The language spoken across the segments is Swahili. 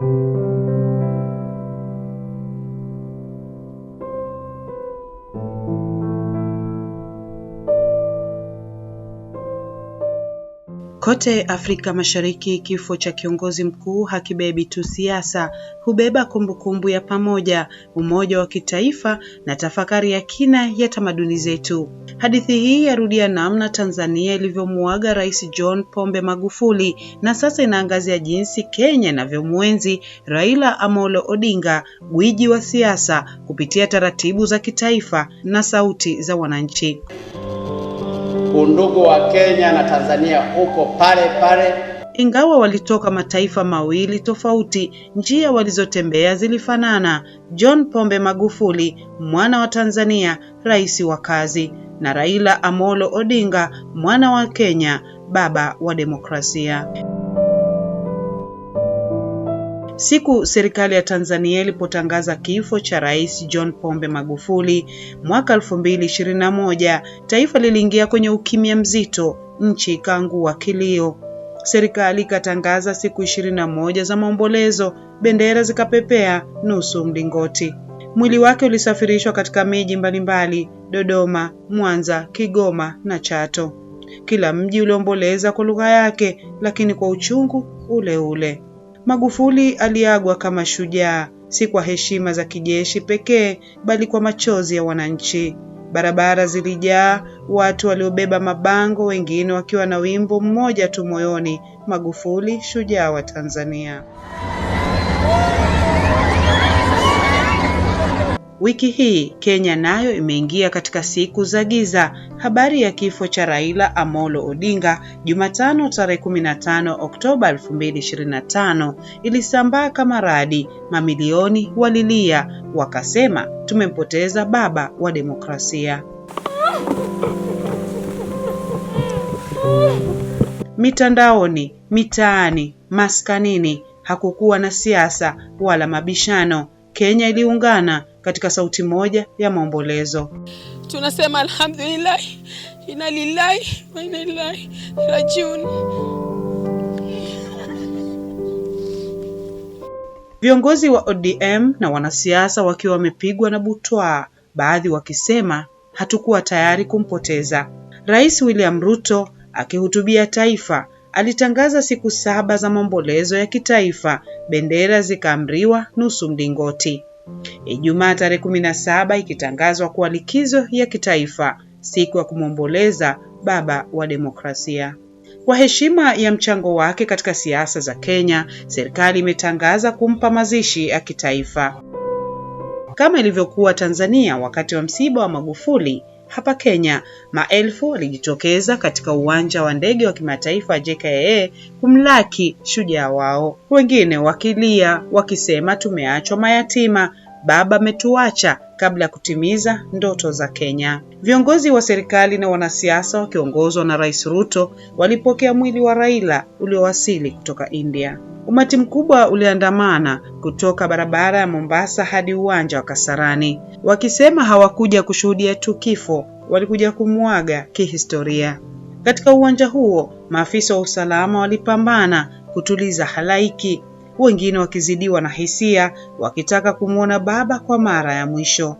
thank you Kote Afrika Mashariki kifo cha kiongozi mkuu hakibebi tu siasa, hubeba kumbukumbu ya pamoja, umoja wa kitaifa na tafakari ya kina ya tamaduni zetu. Hadithi hii yarudia namna Tanzania ilivyomuaga Rais John Pombe Magufuli na sasa inaangazia jinsi Kenya inavyomwenzi Raila Amolo Odinga, gwiji wa siasa, kupitia taratibu za kitaifa na sauti za wananchi undugu wa Kenya na Tanzania uko pale pale. Ingawa walitoka mataifa mawili tofauti, njia walizotembea zilifanana. John Pombe Magufuli, mwana wa Tanzania, rais wa kazi, na Raila Amolo Odinga, mwana wa Kenya, baba wa demokrasia. Siku serikali ya Tanzania ilipotangaza kifo cha Rais John Pombe Magufuli mwaka 2021, taifa liliingia kwenye ukimya mzito, nchi ikaangua kilio. Serikali ikatangaza siku 21 za maombolezo, bendera zikapepea nusu mlingoti. Mwili wake ulisafirishwa katika miji mbalimbali: Dodoma, Mwanza, Kigoma na Chato. Kila mji uliomboleza kwa lugha yake, lakini kwa uchungu ule ule. Magufuli aliagwa kama shujaa, si kwa heshima za kijeshi pekee, bali kwa machozi ya wananchi. Barabara zilijaa watu waliobeba mabango, wengine wakiwa na wimbo mmoja tu moyoni: Magufuli, shujaa wa Tanzania. Wiki hii Kenya nayo imeingia katika siku za giza. Habari ya kifo cha Raila Amolo Odinga Jumatano tarehe 15 Oktoba 2025 ilisambaa kama radi. Mamilioni walilia, wakasema tumempoteza baba wa demokrasia. Mitandaoni, mitaani, maskanini, hakukuwa na siasa wala mabishano. Kenya iliungana katika sauti moja ya maombolezo. Tunasema alhamdulillah, inna lillahi wa inna ilaihi rajiun. Viongozi wa ODM na wanasiasa wakiwa wamepigwa na butwaa, baadhi wakisema hatukuwa tayari kumpoteza. Rais William Ruto akihutubia taifa alitangaza siku saba za maombolezo ya kitaifa, bendera zikaamriwa nusu mlingoti. Ijumaa tarehe kumi na saba ikitangazwa kuwa likizo ya kitaifa, siku ya kumwomboleza baba wa demokrasia. Kwa heshima ya mchango wake katika siasa za Kenya, serikali imetangaza kumpa mazishi ya kitaifa. Kama ilivyokuwa Tanzania wakati wa msiba wa Magufuli, hapa Kenya, maelfu walijitokeza katika uwanja wa ndege wa kimataifa jka kumlaki shujaa wao, wengine wakilia wakisema tumeachwa mayatima baba ametuacha kabla ya kutimiza ndoto za Kenya. Viongozi wa serikali na wanasiasa wakiongozwa na Rais Ruto walipokea mwili wa Raila uliowasili kutoka India. Umati mkubwa uliandamana kutoka barabara ya Mombasa hadi uwanja wa Kasarani, wakisema hawakuja kushuhudia tu kifo, walikuja kumwaga kihistoria. Katika uwanja huo, maafisa wa usalama walipambana kutuliza halaiki wengine wakizidiwa na hisia wakitaka kumwona baba kwa mara ya mwisho.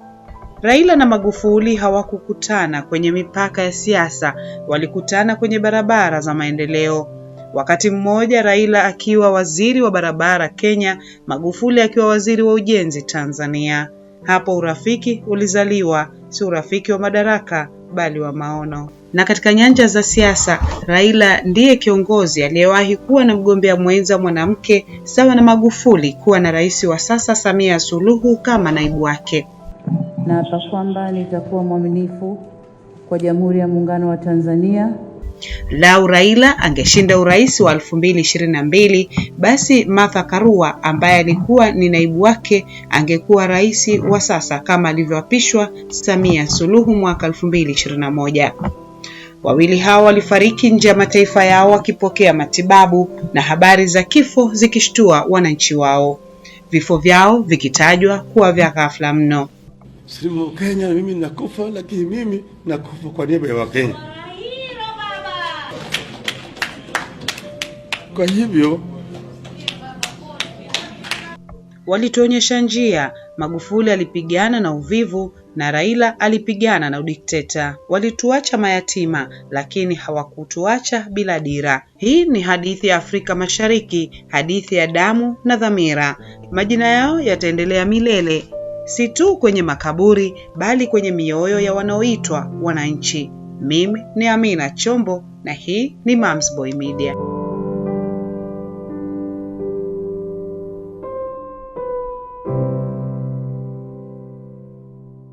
Raila na Magufuli hawakukutana kwenye mipaka ya siasa, walikutana kwenye barabara za maendeleo. Wakati mmoja Raila akiwa waziri wa barabara Kenya, Magufuli akiwa waziri wa ujenzi Tanzania. Hapo urafiki ulizaliwa, si urafiki wa madaraka bali wa maono. Na katika nyanja za siasa, Raila ndiye kiongozi aliyewahi kuwa na mgombea mwenza mwanamke sawa na Magufuli kuwa na rais wa sasa Samia Suluhu kama naibu wake. Naapa kwamba nitakuwa mwaminifu kwa Jamhuri ya Muungano wa Tanzania. Lau Raila angeshinda urais wa 2022, basi Martha Karua ambaye alikuwa ni naibu wake angekuwa rais wa sasa kama alivyoapishwa Samia Suluhu mwaka 2021. Wawili hao walifariki nje ya mataifa yao wakipokea matibabu na habari za kifo zikishtua wananchi wao, vifo vyao vikitajwa kuwa vya ghafla mno. Si Kenya, mimi nakufa, lakini mimi nakufa kwa niaba ya Wakenya. Kwa hivyo walituonyesha njia Magufuli alipigana na uvivu na Raila alipigana na udikteta. Walituacha mayatima, lakini hawakutuacha bila dira. Hii ni hadithi ya Afrika Mashariki, hadithi ya damu na dhamira. Majina yao yataendelea milele, si tu kwenye makaburi, bali kwenye mioyo ya wanaoitwa wananchi. Mimi ni Amina Chombo na hii ni Mamsboy Media.